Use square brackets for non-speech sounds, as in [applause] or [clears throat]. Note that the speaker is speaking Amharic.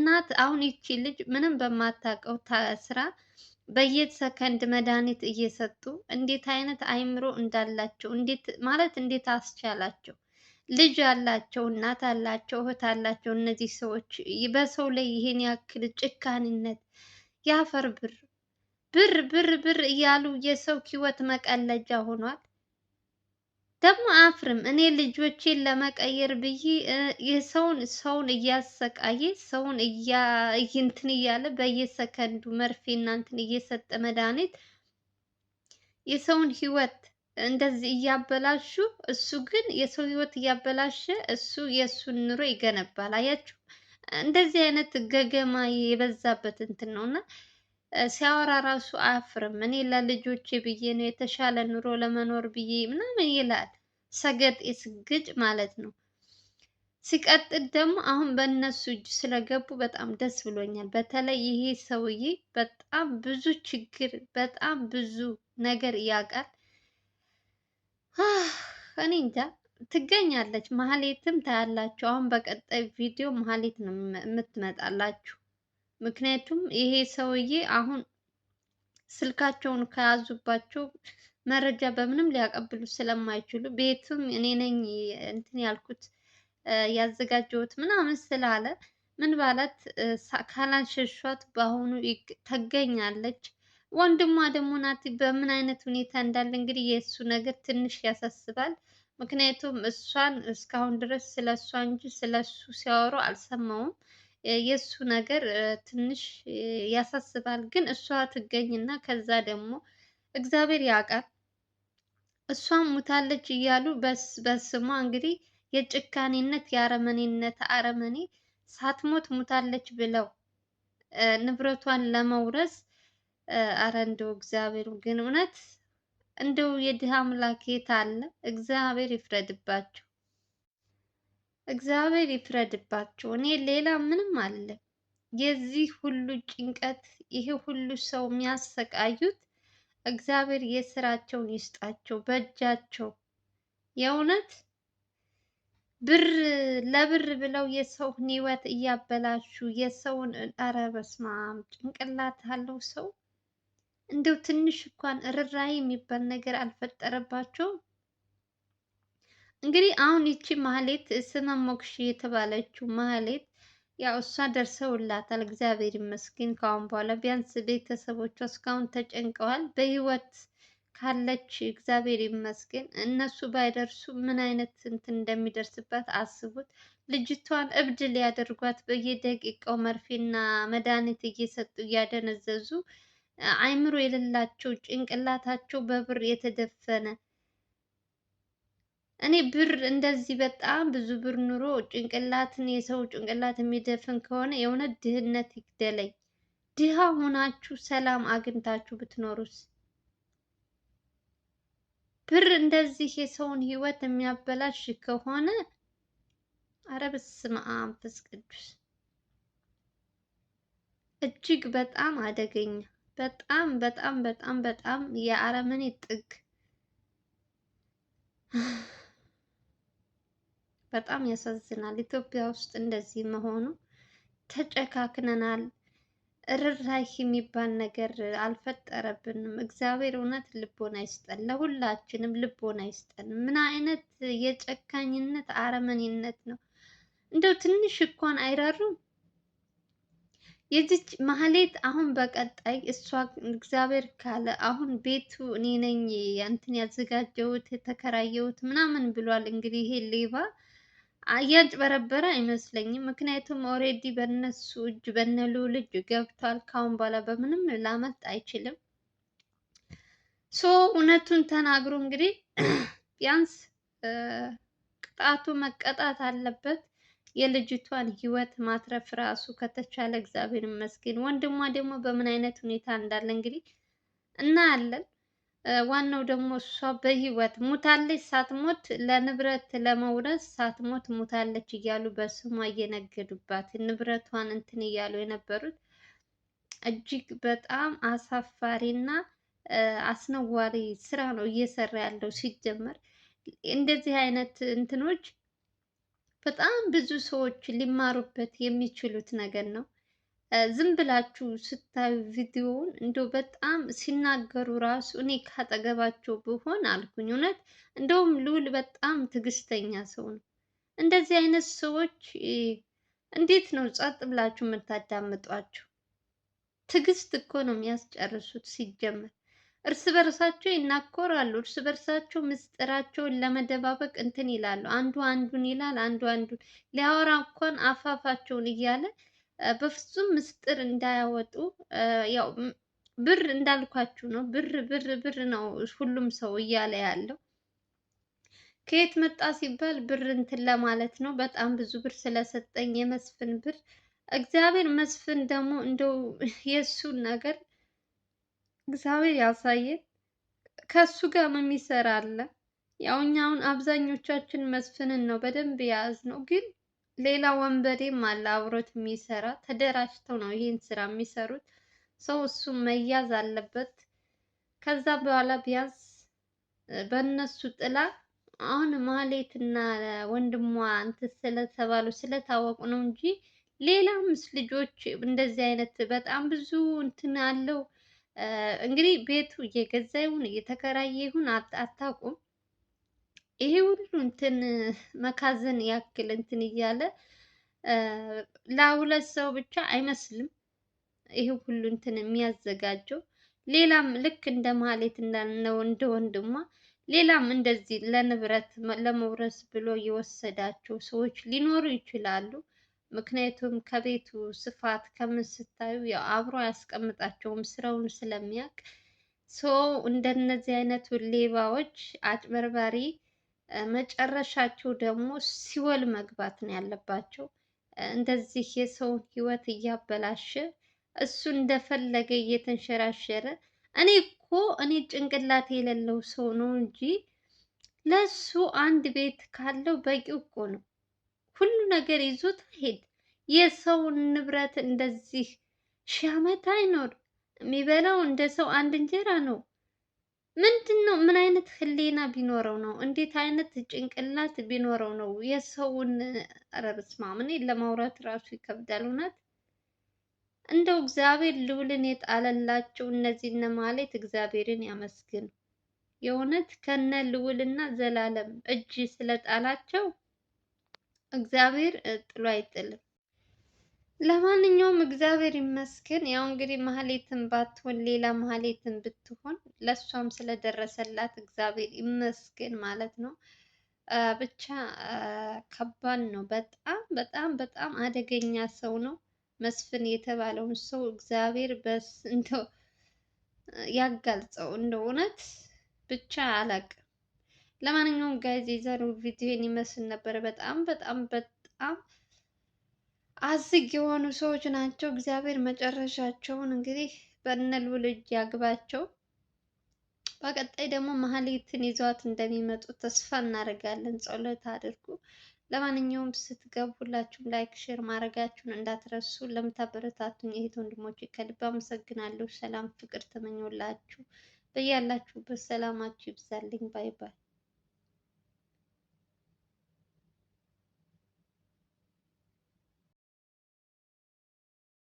እናት አሁን ይቺ ልጅ ምንም በማታውቀው ስራ በየሰከንድ መድኃኒት እየሰጡ እንዴት አይነት አይምሮ እንዳላቸው እንዴት ማለት እንዴት አስቻላቸው? ልጅ አላቸው፣ እናት አላቸው፣ እህት አላቸው። እነዚህ ሰዎች በሰው ላይ ይሄን ያክል ጭካኔነት የአፈር ብር ብር ብር ብር እያሉ የሰው ህይወት መቀለጃ ሆኗል። ደግሞ አፍርም እኔ ልጆቼን ለመቀየር ብዬ የሰውን ሰውን እያሰቃየ ሰውን እንትን እያለ በየሰከንዱ መርፌ እናንትን እየሰጠ መድኃኒት የሰውን ህይወት እንደዚህ እያበላሹ እሱ ግን የሰው ህይወት እያበላሸ እሱ የእሱን ኑሮ ይገነባል። አያችሁ፣ እንደዚህ አይነት ገገማ የበዛበት እንትን ነው እና ሲያወራ ራሱ አያፍርም። እኔ ለልጆቼ ብዬ ነው የተሻለ ኑሮ ለመኖር ብዬ ምናምን ይላል። ሰገጤ ስግጭ ማለት ነው። ሲቀጥል ደግሞ አሁን በእነሱ እጅ ስለገቡ በጣም ደስ ብሎኛል። በተለይ ይሄ ሰውዬ በጣም ብዙ ችግር፣ በጣም ብዙ ነገር ያውቃል። እኔ እንጃ ትገኛለች። ማህሌትም ታያላችሁ። አሁን በቀጣይ ቪዲዮ መሀሌት ነው የምትመጣላችሁ። ምክንያቱም ይሄ ሰውዬ አሁን ስልካቸውን ከያዙባቸው መረጃ በምንም ሊያቀብሉ ስለማይችሉ ቤትም እኔ ነኝ እንትን ያልኩት ያዘጋጀሁት ምናምን ስላለ ምን ባላት ካላሸሿት በአሁኑ ተገኛለች። ወንድሟ ደግሞ ናቲ በምን አይነት ሁኔታ እንዳለ እንግዲህ የእሱ ነገር ትንሽ ያሳስባል። ምክንያቱም እሷን እስካሁን ድረስ ስለ እሷ እንጂ ስለ እሱ ሲያወሩ አልሰማውም። የእሱ ነገር ትንሽ ያሳስባል። ግን እሷ ትገኝና ከዛ ደግሞ እግዚአብሔር ያውቃል። እሷም ሙታለች እያሉ በስሟ እንግዲህ የጭካኔነት የአረመኔነት አረመኔ ሳትሞት ሙታለች ብለው ንብረቷን ለመውረስ አረ እንደው እግዚአብሔር ግን እውነት እንደው የድሃ አምላክ የት አለ? እግዚአብሔር ይፍረድባቸው፣ እግዚአብሔር ይፍረድባቸው። እኔ ሌላ ምንም አለ የዚህ ሁሉ ጭንቀት ይሄ ሁሉ ሰው የሚያሰቃዩት እግዚአብሔር የስራቸውን ይስጣቸው በእጃቸው የእውነት ብር ለብር ብለው የሰውን ህይወት እያበላሹ የሰውን ኧረ በስመ አብ ጭንቅላት አለው ሰው እንደው ትንሽ እንኳን ርራይ የሚባል ነገር አልፈጠረባቸውም። እንግዲህ አሁን ይቺ ማህሌት ስመ ሞክሽ የተባለችው ማህሌት ያው እሷ ደርሰውላታል። እግዚአብሔር ይመስገን። ከአሁን በኋላ ቢያንስ ቤተሰቦቿ እስካሁን ተጨንቀዋል። በህይወት ካለች እግዚአብሔር ይመስገን። እነሱ ባይደርሱ ምን አይነት እንትን እንደሚደርስበት አስቡት። ልጅቷን እብድ ሊያደርጓት በየደቂቃው መርፌና መድኃኒት እየሰጡ እያደነዘዙ አይምሮ የሌላቸው ጭንቅላታቸው በብር የተደፈነ እኔ ብር እንደዚህ በጣም ብዙ ብር ኑሮ ጭንቅላትን የሰው ጭንቅላት የሚደፍን ከሆነ የእውነት ድህነት ይግደለኝ። ድሃ ሆናችሁ ሰላም አግኝታችሁ ብትኖሩስ? ብር እንደዚህ የሰውን ህይወት የሚያበላሽ ከሆነ ኧረ በስመ አብ መንፈስ ቅዱስ እጅግ በጣም አደገኛ በጣም በጣም በጣም በጣም የአረመኔ ጥግ በጣም ያሳዝናል። ኢትዮጵያ ውስጥ እንደዚህ መሆኑ ተጨካክነናል። ርህራሄ የሚባል ነገር አልፈጠረብንም። እግዚአብሔር እውነት ልቦና ይስጠን፣ ለሁላችንም ልቦና ይስጠን። ምን አይነት የጨካኝነት አረመኔነት ነው! እንደው ትንሽ እንኳን አይራሩም። የዚች ማህሌት አሁን በቀጣይ እሷ እግዚአብሔር ካለ አሁን ቤቱ እኔ ነኝ እንትን ያዘጋጀሁት የተከራየሁት ምናምን ብሏል። እንግዲህ ይሄ ሌባ እያጭበረበረ አይመስለኝም። ምክንያቱም ኦሬዲ በነሱ እጅ በነ ልዑል እጅ ገብቷል። ካሁን በኋላ በምንም ላመልጥ አይችልም። ሶ እውነቱን ተናግሮ እንግዲህ [clears throat] ቢያንስ ቅጣቱ መቀጣት አለበት። የልጅቷን ህይወት ማትረፍ ራሱ ከተቻለ እግዚአብሔር ይመስገን። ወንድሟ ደግሞ በምን አይነት ሁኔታ እንዳለ እንግዲህ እናያለን። ዋናው ደግሞ እሷ በህይወት ሙታለች ሳትሞት ለንብረት ለመውረስ ሳትሞት ሙታለች እያሉ በስሟ እየነገዱባት ንብረቷን እንትን እያሉ የነበሩት እጅግ በጣም አሳፋሪና አስነዋሪ ስራ ነው እየሰራ ያለው። ሲጀመር እንደዚህ አይነት እንትኖች በጣም ብዙ ሰዎች ሊማሩበት የሚችሉት ነገር ነው። ዝም ብላችሁ ስታዩ ቪዲዮውን እንደው በጣም ሲናገሩ ራሱ እኔ ካጠገባቸው ብሆን አልኩኝ። እውነት እንደውም ልውል በጣም ትዕግስተኛ ሰው ነው። እንደዚህ አይነት ሰዎች እንዴት ነው ጸጥ ብላችሁ የምታዳምጧቸው? ትዕግስት እኮ ነው የሚያስጨርሱት። ሲጀመር እርስ በርሳቸው ይናኮራሉ። እርስ በርሳቸው ምስጢራቸውን ለመደባበቅ እንትን ይላሉ። አንዱ አንዱን ይላል፣ አንዱ አንዱን ሊያወራ እንኳን አፋፋቸውን እያለ በፍጹም ምስጢር እንዳያወጡ ያው ብር እንዳልኳችሁ ነው። ብር ብር ብር ነው ሁሉም ሰው እያለ ያለው ከየት መጣ ሲባል ብር እንትን ለማለት ነው። በጣም ብዙ ብር ስለሰጠኝ የመስፍን ብር እግዚአብሔር መስፍን ደግሞ እንደው [laughs] የእሱን ነገር እግዚአብሔር ያሳየን። ከእሱ ጋር የሚሰራ አለ። ያው እኛ አሁን አብዛኞቻችን መስፍንን ነው በደንብ የያዝነው ግን ሌላ ወንበዴም አለ አብሮት የሚሰራ ተደራጅተው ነው ይህን ስራ የሚሰሩት። ሰው እሱ መያዝ አለበት። ከዛ በኋላ ቢያንስ በእነሱ ጥላ አሁን ማህሌትና ወንድሟ እንትን ስለተባሉ ስለታወቁ ነው እንጂ ሌላ ምስ ልጆች እንደዚህ አይነት በጣም ብዙ እንትን አለው። እንግዲህ ቤቱ እየገዛ ይሁን እየተከራየ ይሁን አታውቁም። ይሄ ሁሉ እንትን መካዘን ያክል እንትን እያለ ለሁለት ሰው ብቻ አይመስልም። ይሄ ሁሉ እንትን የሚያዘጋጀው ሌላም ልክ እንደ ማህሌት እንዳልነው እንደ ወንድሟ ሌላም እንደዚህ ለንብረት ለመውረስ ብሎ የወሰዳቸው ሰዎች ሊኖሩ ይችላሉ። ምክንያቱም ከቤቱ ስፋት ከምን ስታዩ ያው አብሮ አያስቀምጣቸውም ስራውን ስለሚያውቅ ሰው እንደነዚህ አይነቱ ሌባዎች አጭበርባሪ መጨረሻቸው ደግሞ ሲወል መግባት ነው ያለባቸው። እንደዚህ የሰውን ህይወት እያበላሸ እሱ እንደፈለገ እየተንሸራሸረ እኔ እኮ እኔ ጭንቅላት የሌለው ሰው ነው እንጂ ለሱ አንድ ቤት ካለው በቂው እኮ ነው። ሁሉ ነገር ይዞት ሄድ። የሰውን ንብረት እንደዚህ ሺህ ዓመት አይኖር። የሚበላው እንደ ሰው አንድ እንጀራ ነው። ምንድን ነው? ምን አይነት ህሊና ቢኖረው ነው? እንዴት አይነት ጭንቅላት ቢኖረው ነው? የሰውን ኧረ ማምን ለማውራት ራሱ ይከብዳል እውነት። እንደው እግዚአብሔር ልውልን የጣለላቸው እነዚህ እነማለት እግዚአብሔርን ያመስግን። የእውነት ከነ ልውልና ዘላለም እጅ ስለጣላቸው እግዚአብሔር ጥሎ አይጥልም። ለማንኛውም እግዚአብሔር ይመስገን። ያው እንግዲህ ማህሌትን ባትሆን ሌላ ማህሌትን ብትሆን ለእሷም ስለደረሰላት እግዚአብሔር ይመስገን ማለት ነው። ብቻ ከባድ ነው። በጣም በጣም በጣም አደገኛ ሰው ነው መስፍን የተባለውን ሰው እግዚአብሔር በስ እንደው ያጋልጸው እንደ እውነት ብቻ አላቅም። ለማንኛውም ጋዜ የዛሬው ቪዲዮን ይመስል ነበር። በጣም በጣም በጣም አዝግ የሆኑ ሰዎች ናቸው። እግዚአብሔር መጨረሻቸውን እንግዲህ በእነ ልጅ ያግባቸው። በቀጣይ ደግሞ መሀሌትን ይዟት እንደሚመጡ ተስፋ እናደርጋለን። ጸሎት አድርጉ። ለማንኛውም ስትገቡ ሁላችሁም ላይክ፣ ሼር ማድረጋችሁን እንዳትረሱ። ለምታበረታቱኝ የእህት ወንድሞች ከልብ አመሰግናለሁ። ሰላም፣ ፍቅር ተመኞላችሁ። በያላችሁበት ሰላማችሁ ይብዛልኝ። ባይ ባይ።